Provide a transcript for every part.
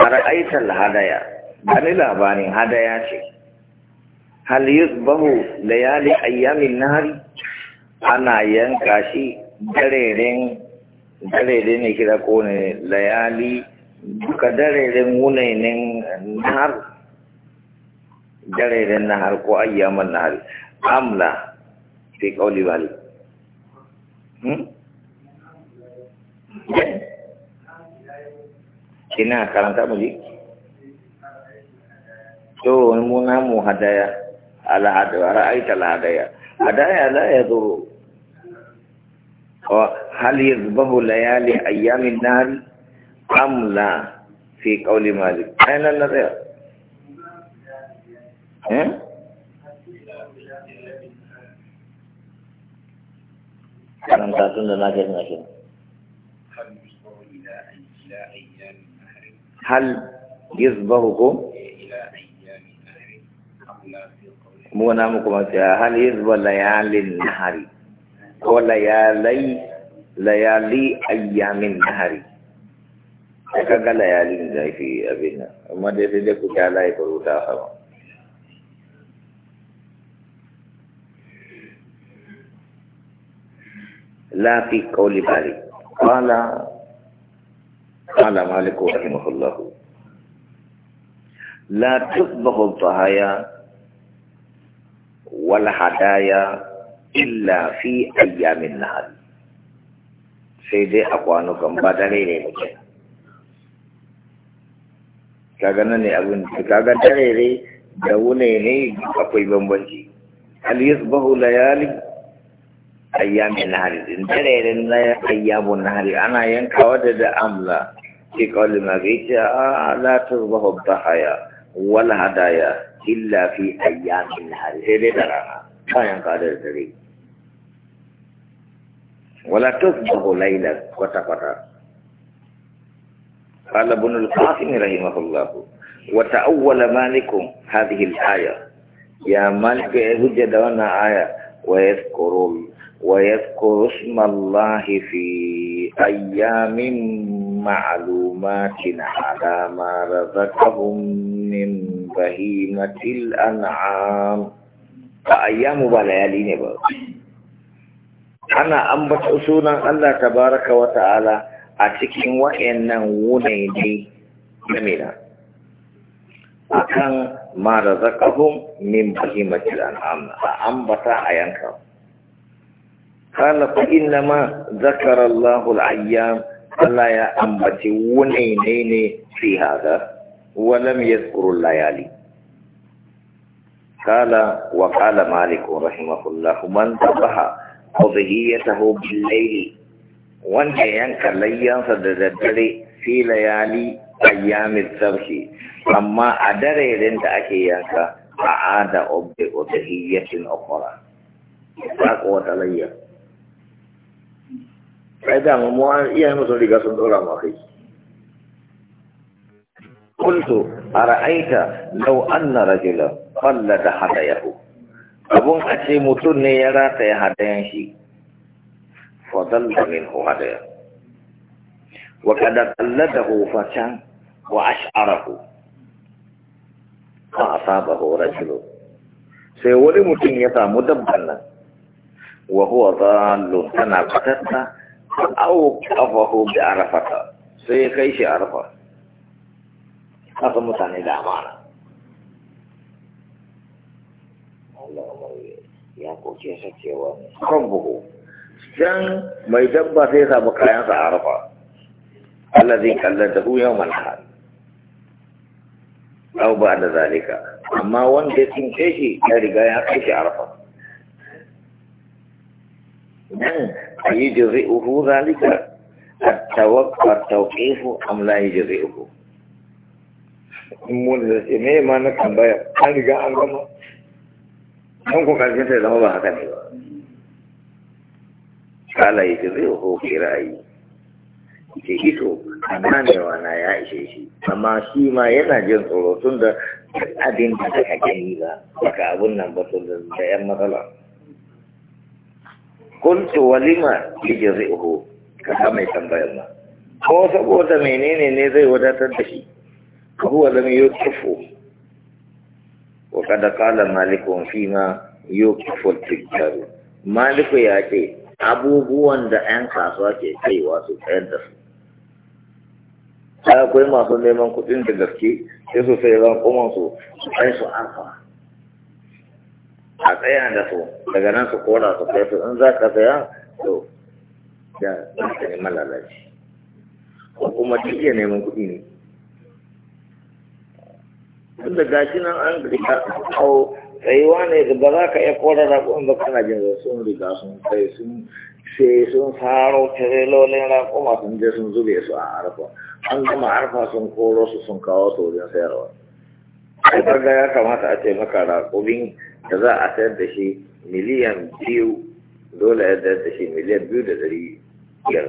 fara'aitar hadaya gani labarin hadaya ce hal yusbahu layali ayyamin nahari ana yanka shi dareren darere ne kira ko ne layali duka dareren wunainin nahar dareren nahar ko ayyaman Nahar, amla fi kauli bali hmm? Kina karanta mu ji? To, mu namu hadaya, ala hadaya, ra'aita la hadaya. Hadaya la ya zuru. Oh, hal yazbahu layali ayyamin nari? Am la fi qawli Malik. Aina la ya? Eh? Hmm? Karanta tun da na gani na shi. Hal yazbahu هل يصبركم منامكم هل يصبر ليالي النهار وليالي ليالي أيام النهار كذا ليالي جاي في أبينا ما ده ده كذا لا يقولوا تاخر لا في قولي بالي قال قال مالك رحمه الله لا تذبح الضحايا والهدايا إلا في أيام النهار سيدي أقوانكم بدليل مجد kaga nan ne abin kaga tarere da wune ne akwai bambanci al yasbahu layali ayyamin nahari din tarere na ayyamun nahari ana yankawa da da amla في قول ما فيك لا تصبح الضحايا والهدايا إلا في أيام النهار هذه إيه دراها كان قادر ذلك ولا تصبح ليلا قطع قطع قال ابن القاسم رحمه الله وتأول مالك هذه الآية يا مالك هجد دوانا آية ويذكر ويذكر اسم الله في أيام معلومة أماكن على ما رزقهم من بهيمة الأنعام فأيام بلالين بقى أنا أنبت أسونا الله تبارك وتعالى أتكين وإن ونيدي نمينا أكان ما رزقهم من بهيمة الأنعام ambata ayanka قال فإنما ذكر الله الأيام الآية أمتي ونينين في هذا ولم يذكر الليالي قال وقال مالك رحمه الله من تبها قضيته بالليل وانت ينك ليا في ليالي أيام الزرح لما أدري لنت أكي ينك أعاد أبي أخرى تقوى تليا sai da mu iyayen mu sun riga sun dora mu kai قلت أرأيت لو أن رجلا قلد هديه أبون أشي متن يرى هديان شي فضلت منه هديا وقد قلده فتن وأشعره فأصابه رجل سيولي متن يتا مدبنا وهو ضال تنا فتتنا au kafahu bi arafata sai kai shi arafa haka mutane da amana ya koke sa cewa kan buhu can mai dabba sai samu kayansa a arafa Allah zai kallanta hu yau malhal au ba da zalika amma wanda ya tsince shi ya riga ya kai shi arafa أيجرئه ذلك التوقيف أم لا يجرئه mun da ce me ma na tambaya an riga an gama an ku karshen sai zama ba haka ne ba kala yi zai ho kirayi ke ito amma ne wana ya ishe shi amma shi ma yana jin tsoro tun da abin da aka gani ba baka abun nan ba tun da yan matsala kuntu walima yajri'uhu kaga mai tambayar ma. ko saboda menene ne zai wadatar da shi fa huwa lam yukifu wa kada qala malikun fima yukifu al-tijjar maliku ya ce abubuwan da 'yan kasuwa ke kaiwa su tsayar da su akwai masu neman kuɗin da gaske sai su sai ran kuma su sai su arfa a tsaya da su daga nan su kora su kai su in za ka tsaya to ya ka ne malalaci ko kuma duk iya neman kuɗi ne tun da gashi nan an riga au tsayuwa ne ba za ka iya kora raƙon ba kana jin zai sun riga sun kai sun sai sun faro tirelolin raƙo sun je sun zube su a arfa an gama arfa sun koro su sun kawo su wajen sayarwa ai kaga ya kamata a ce maka ƙobin. da za a sayar da shi miliyan biyu dole ya sayar da shi miliyan biyu da dari biyar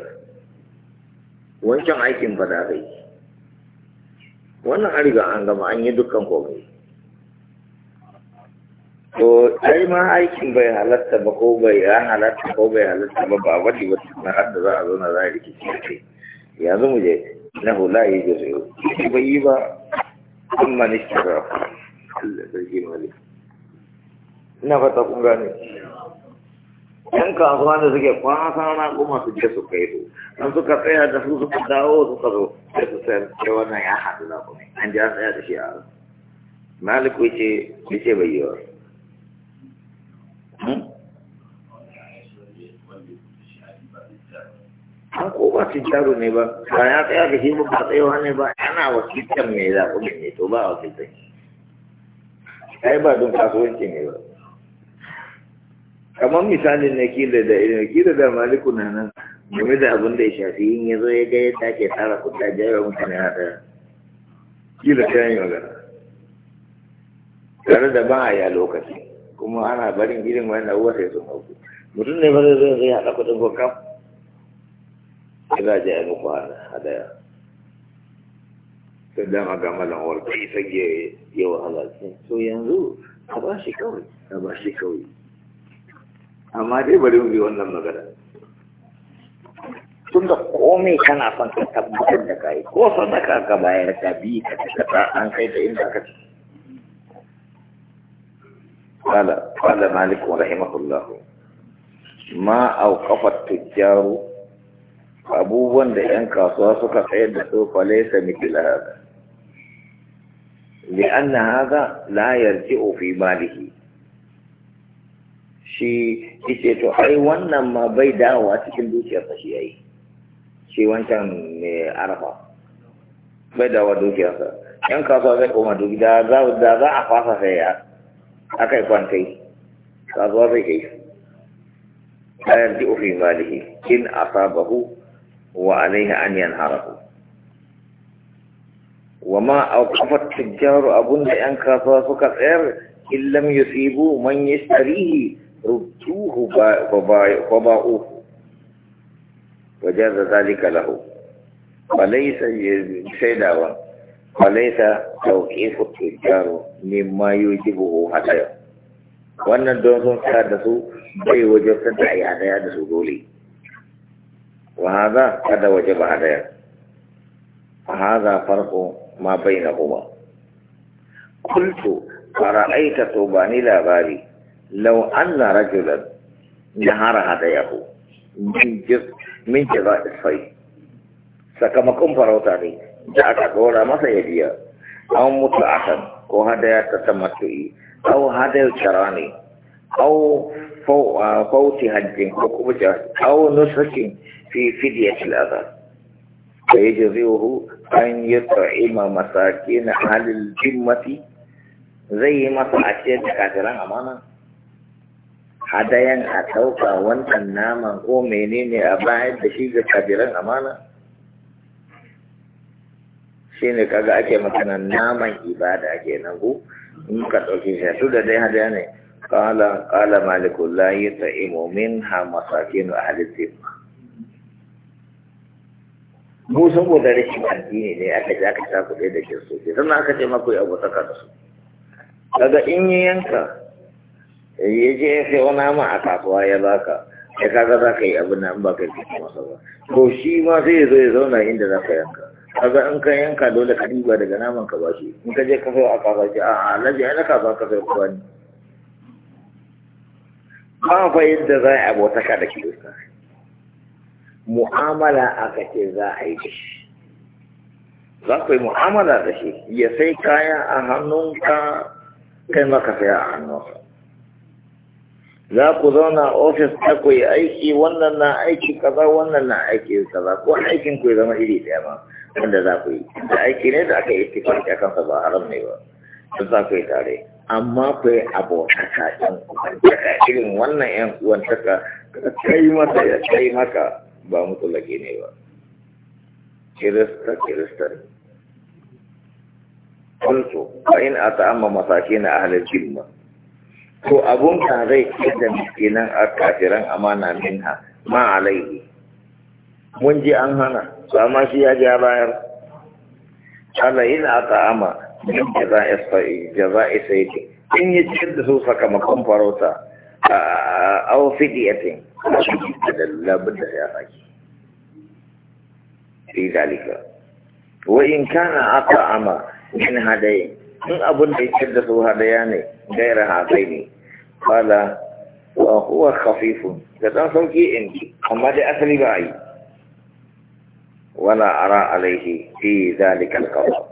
wancan aikin ba da kai wannan an an gama an yi dukkan komai to ai ma aikin bai halatta ba ko bai ya halatta ko bai halatta ba ba wani wata na har da za a zo na za a rikici ce yanzu mu je na hula yi jirgin bai yi ba amma ne shi ba Allah sarki malik ina fata kun gane yan kasuwa da suke kwasa na kuma su je su kai su don suka tsaya da su suka dawo suka zo sai su sayar ce wannan ya haɗu na kuma an ji an tsaya da shi a maliku ce ni ce bai yi wa hmm? an ko ba su jaro ne ba ba ya tsaya da shi ba ba tsayawa ne ba yana wakiltar mai zaɓi ne to ba wakiltar ai ba don kasuwanci ne ba kamar misalin na kila da irin kila da maliku na nan game da abin da ya shafi yin ya zo ya ga ya sake tsara kuɗa jayar mutane a ɗaya kila ta yi magana tare da ba a ya lokaci kuma ana barin irin wani uwa sai sun hauku mutum ne ba zai zo zai haɗa kuɗin ko kam ya za a jayar muku a ɗaya sai dama ga malam warka isa yawa halarci to yanzu a ba shi kawai a ba shi kawai amma dai bari mu bi wannan magana tun da komai kana son ka tabbatar da kai ko sadaka ka bayar ka bi ka ta an kai da inda ka ci قال قال مالك رحمه الله ما أوقف التجار abubuwan da 'yan kasuwa suka tsayar da su falaisa mikila haka li'anna haza la yarji'u fi malihi shi ce to ai wannan ma bai dawowa cikin dukiyarsa shi yayi shi wancan mai arafa bai dawowa dukiyarsa yan kasuwa zai koma duk da za a fasa sai ya akai yi kwantai kasuwa zai kai la yarji'u fi malihi in asabahu wa alaihi an yanharahu wa ma auqafat tijjaru abunda yan kasuwa suka tsayar illam yusibu man yashtarihi rubtuhu faba'uhu wa jaza zalika lahu fa laysa yashidawa fa laysa tawqifu tijar min ma yujibuhu haɗaya. wannan don sun da su bai wajen san da ya daya da su dole wa hada kada waje ba hada fa hada farqu ma bai na kuma. fara aita to ba ni labari. لو أن رجلا جهر هديه من جزء من جزاء الصيد sakamakon farauta ne da aka ɗora masa ya biya an mutu a kan ko hadaya ta tamattu'i au hadayar shara ne au fauti hajjin ko kuma au nusakin fi fidiyar shilaza da ya jazewa an yi ta'ima masaki na halin jimmati zai yi masa a ciyar da kafiran amana hadayan a ɗauka wannan naman ko menene a bayar da shi ga kabiran amana shi ne kaga ake makana naman ibada ke nan ku in ka ɗauki shi su da dai hadaya ne kala kala malikul la yutaimu minha masakin ahli zimma mu saboda rashin addini ne aka ji aka sa kuɗi da kirsoci sannan aka ce maku ya abu kasu. su kaga in yi yanka ya je ya sai wani nama a kasuwa ya ka ya kaga za ka yi abin nan ba ka yi masa ba to shi ma sai ya zo ya zauna inda za ka yanka kaga in ka yanka dole ka duba daga naman ka shi in ka je ka sayo a kasuwa ce a alhaji ai na kasuwa ka sayo kuwa ne ba fa yadda za a abotaka da kirista mu'amala ka ce za a yi da shi za ku yi mu'amala da shi ya sai kaya a hannunka kai maka saya a hannunka za ku zauna ofis ta ku yi aiki wannan na aiki kaza wannan na aiki kaza ko aikin ku ya zama iri ɗaya ma wanda za ku yi da aiki ne da aka yi tifar ya kansa ba haram ne ba sun za ku yi tare amma ku yi abotaka ɗan kuwantaka irin wannan uwan kuwantaka ka kai mata ya kai maka ba mutulake ne ba kirista kirista ne قلت فإن أتأمم مساكين أهل الجنة ko abun ka zai da miskinan a kafiran amana minha ma alaihi mun ji an hana to amma shi ya ja bayar Allah in aka ama min jaza'i sai jaza'i sai in yi cikin da su sakamakon farauta a fidiyatin da labin da ya saki fi dalika wa in kana aka ama min hadayin in abun da ya cikin da su hadaya ne gaira hadai ne kala wa huwa khafifun kata sauki in amma dai asali ba yi wala ara alaihi fi zalika alqawl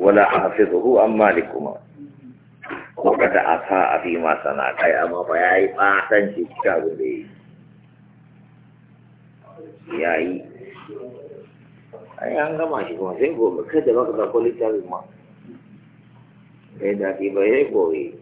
wala hafizuhu amma likuma ko kada asa abi ma sana kai amma ba yayi ba san shi ka gode yayi ai an gama shi kuma sai gobe kada baka da kwalitar ma eh da ki bai yi